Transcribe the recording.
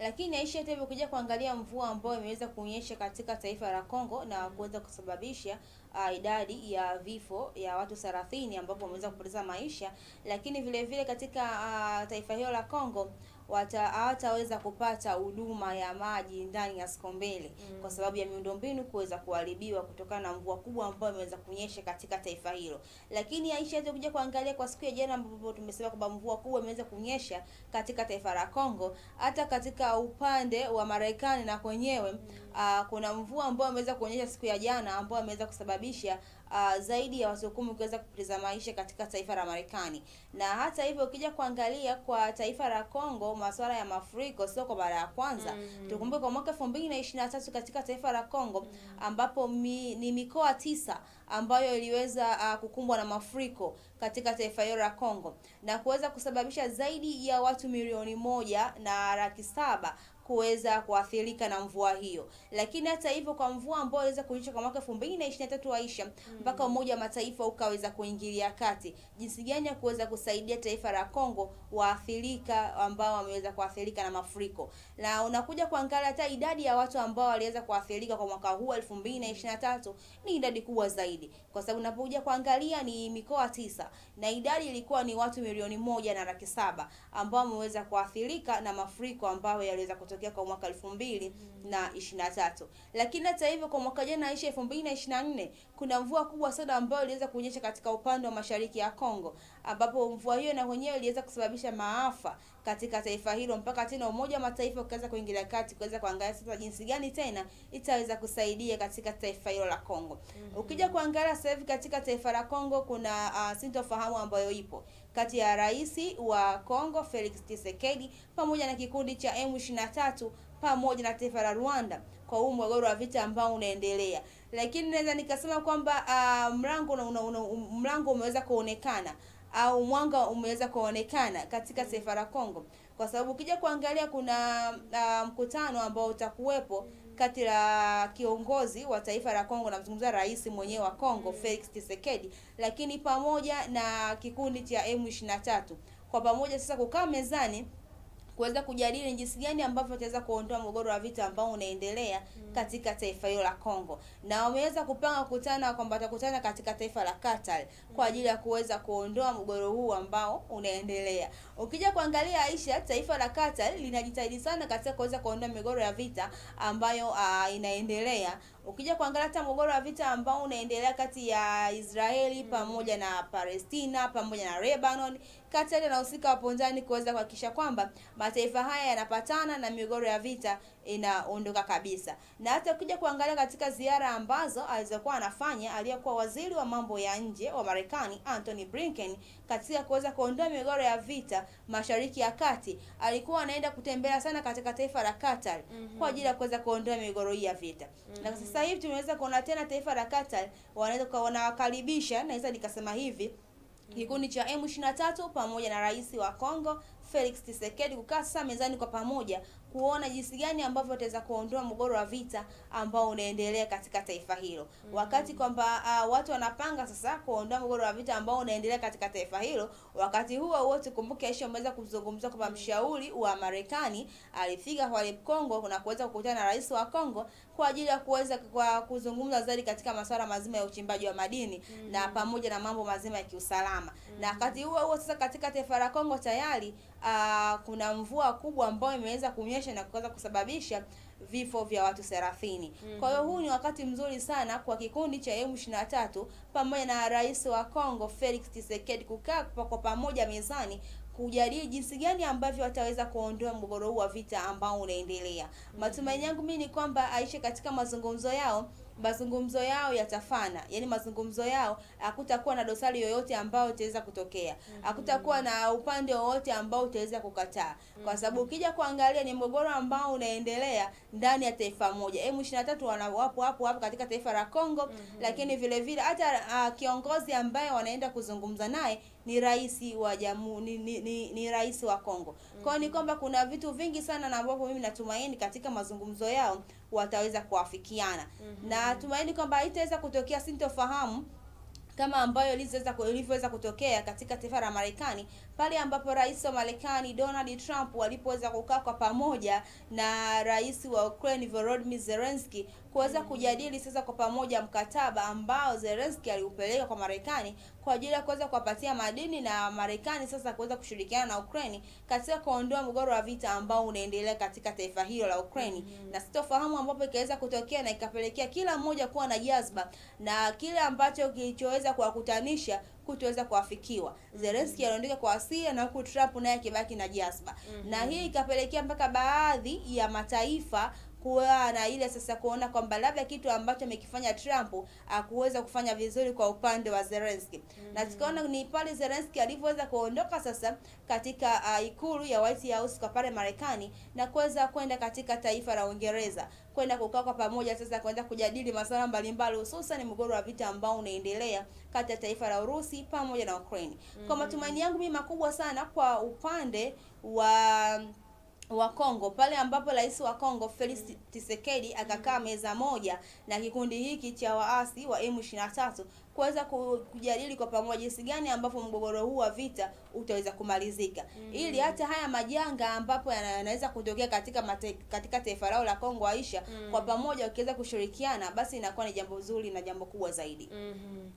Lakini Aisha hata hivyo kuja kuangalia mvua ambayo imeweza kunyesha katika taifa la Kongo na kuweza kusababisha uh, idadi ya vifo ya watu 30 ambapo wameweza kupoteza maisha, lakini vile vile katika uh, taifa hilo la Kongo hawataweza kupata huduma ya maji ndani ya siku mbili mm. kwa sababu ya miundombinu kuweza kuharibiwa kutokana na mvua kubwa ambayo imeweza kunyesha katika taifa hilo. Lakini Aisha, kuja kuangalia kwa siku ya jana, ambapo tumesema kwamba mvua kubwa imeweza kunyesha katika taifa la Kongo, hata katika upande wa Marekani na kwenyewe mm uh, kuna mvua ambayo ameweza kuonyesha siku ya jana ambayo ameweza kusababisha uh, zaidi ya watu kumi kuweza kupoteza maisha katika taifa la Marekani. Na hata hivyo ukija kuangalia kwa taifa la Kongo, masuala ya mafuriko sio kwa mara ya kwanza. mm -hmm. Tukumbuke kwa mwaka 2023 katika taifa la Kongo mm -hmm. ambapo mi, ni mikoa tisa ambayo iliweza uh, kukumbwa na mafuriko katika taifa hilo la Kongo na kuweza kusababisha zaidi ya watu milioni moja na laki saba kuweza kuathirika na mvua hiyo. Lakini hata hivyo, kwa mvua ambayo iliweza kunyesha kwa mwaka 2023 Aisha, mm. mpaka Umoja wa Mataifa ukaweza kuingilia kati jinsi gani ya kuweza kusaidia taifa la Kongo waathirika ambao wameweza kuathirika na mafuriko, na unakuja kuangalia hata idadi ya watu ambao waliweza kuathirika kwa mwaka huu 2023 ni idadi kubwa zaidi, kwa sababu unapokuja kuangalia ni mikoa tisa na idadi ilikuwa ni watu milioni moja na laki saba ambao wameweza kuathirika na mafuriko ambayo yaliweza kutokea kutokea kwa mwaka elfu mbili na ishirini na tatu. Lakini hata hivyo kwa mwaka jana isha elfu mbili na ishirini na nne kuna mvua kubwa sana ambayo iliweza kunyesha katika upande wa mashariki ya Kongo, ambapo mvua hiyo na wenyewe iliweza kusababisha maafa katika taifa hilo, mpaka tena Umoja wa Mataifa ukiweza kuingilia kati kuweza kuangalia sasa jinsi gani tena itaweza kusaidia katika taifa hilo la Kongo. mm -hmm. Ukija kuangalia sasa hivi katika taifa la Kongo kuna uh, sintofahamu ambayo ipo kati ya rais wa Kongo Felix Tshisekedi pamoja na kikundi cha M23 pamoja na taifa la Rwanda kwa huu mgogoro wa vita ambao unaendelea, lakini naweza nikasema kwamba uh, mlango una, mlango umeweza kuonekana au mwanga umeweza kuonekana katika taifa la Kongo, kwa sababu ukija kuangalia kuna uh, mkutano ambao utakuwepo kati la kiongozi wa taifa la Kongo, namzungumzia rais mwenyewe wa Kongo mm. Felix Tshisekedi, lakini pamoja na kikundi cha M23 kwa pamoja sasa kukaa mezani kuweza kujadili jinsi gani ambavyo wataweza kuondoa mgogoro wa vita ambao unaendelea mm. katika taifa hilo la Kongo, na wameweza kupanga kukutana kwamba watakutana katika taifa la Qatar mm. kwa ajili ya kuweza kuondoa mgogoro huu ambao unaendelea. Ukija kuangalia Aisha, taifa la Qatar linajitahidi sana katika kuweza kuondoa migogoro ya vita ambayo uh, inaendelea Ukija kuangalia hata mgogoro wa vita ambao unaendelea kati ya Israeli mm. pamoja na Palestina pamoja na Lebanon, kati ya wanahusika hapo ndani kuweza kuhakikisha kwamba mataifa haya yanapatana na migogoro ya vita inaondoka kabisa. Na hata ukija kuangalia katika ziara ambazo alizokuwa anafanya aliyekuwa waziri wa mambo ya nje wa Marekani Anthony Blinken, katika kuweza kuondoa migogoro ya vita Mashariki ya Kati, alikuwa anaenda kutembea sana katika taifa la Qatar mm -hmm. kwa mhm. ajili ya kuweza kuondoa migogoro hii ya vita mm -hmm. na mhm. sasa sasa hivi tumeweza kuona tena taifa la Qatar wanaweza wanawakaribisha, naweza nikasema hivi kikundi cha M23 pamoja na rais wa Kongo Felix Tshisekedi kukaa sasa mezani kwa pamoja kuona jinsi gani ambavyo wataweza kuondoa mgogoro wa vita ambao unaendelea katika taifa hilo. Mm -hmm. Wakati kwamba uh, watu wanapanga sasa kuondoa mgogoro wa vita ambao unaendelea katika taifa hilo, wakati huo wote kumbuke, Aisha ameweza kuzungumza kwamba mm-hmm. mshauri wa Marekani alifika kwa Kongo na kuweza kukutana na rais wa Kongo kwa ajili ya kuweza kwa kuzungumza zaidi katika masuala mazima ya uchimbaji wa madini mm -hmm. na pamoja na mambo mazima ya kiusalama. Mm -hmm. Na mm-hmm. wakati huo huo sasa katika taifa la Kongo tayari uh, kuna mvua kubwa ambayo imeweza kunyesha na kuweza kusababisha vifo vya watu thelathini. mm -hmm. Kwa hiyo mhm. huu ni wakati mzuri sana kwa kikundi cha M23 pamoja na Rais wa Kongo Felix Tshisekedi kukaa kwa pamoja mezani kujadili jinsi gani ambavyo wataweza kuondoa mgogoro huu wa vita ambao unaendelea. mm -hmm. Matumaini yangu mimi ni kwamba aishe katika mazungumzo yao mazungumzo yao yatafana, yani mazungumzo yao hakutakuwa na dosari yoyote ambayo itaweza kutokea, mhm. hakutakuwa na upande wowote ambao utaweza kukataa, kwa mhm. sababu ukija kuangalia ni mgogoro ambao unaendelea ndani ya taifa moja. M23 wanawapo hapo hapo katika taifa la Kongo mm -hmm. Lakini vile vile hata uh, kiongozi ambaye wanaenda kuzungumza naye ni rais wa jamu, ni, ni, ni, ni rais wa Kongo mm -hmm. Kwa hiyo ni kwamba kuna vitu vingi sana na ambapo mimi natumaini katika mazungumzo yao wataweza kuafikiana mm -hmm. na natumaini kwamba haitaweza kutokea sintofahamu kama ambayo ilivyoweza kutokea katika taifa la Marekani pale ambapo rais wa Marekani Donald Trump walipoweza kukaa kwa pamoja na rais wa Ukraine Volodymyr Zelensky kuweza kujadili sasa kwa pamoja mkataba ambao Zelensky aliupeleka kwa Marekani kwa ajili ya kuweza kuwapatia madini na Marekani sasa kuweza kushirikiana na Ukraine katika kuondoa mgogoro wa vita ambao unaendelea katika taifa hilo la Ukraine mm -hmm. na sitofahamu ambapo ikaweza kutokea na ikapelekea kila mmoja kuwa na jazba na kile ambacho kilichoweza kuwakutanisha kutoweza kuafikiwa. Zelensky mm-hmm. anaondoka kwa hasira na huku Trump naye akibaki na jazba mm -hmm. na hii ikapelekea mpaka baadhi ya mataifa kuwa na ile sasa kuona kwamba labda kitu ambacho amekifanya Trump akuweza kufanya vizuri kwa upande wa Zelensky. Mm -hmm. Na tukaona ni pale Zelensky alivyoweza kuondoka sasa katika uh, ikulu ya White House kwa pale Marekani na kuweza kwenda katika taifa la Uingereza kwenda kukaa kwa pamoja sasa kwenda kujadili masuala mbalimbali hususan mgogoro wa vita ambao unaendelea kati ya taifa la Urusi pamoja na Ukraine. Mm -hmm. Kwa mm-hmm. matumaini yangu mimi makubwa sana kwa upande wa wa Kongo pale ambapo rais wa Kongo Felix Tshisekedi akakaa meza moja na kikundi hiki cha waasi wa M23 kuweza kujadili kwa pamoja jinsi gani ambapo mgogoro huu wa vita utaweza kumalizika mm. ili hata haya majanga ambapo yanaweza kutokea katika mate, katika taifa lao la Kongo aisha mm. kwa pamoja wakiweza kushirikiana basi inakuwa ni jambo zuri na jambo kubwa zaidi mm -hmm.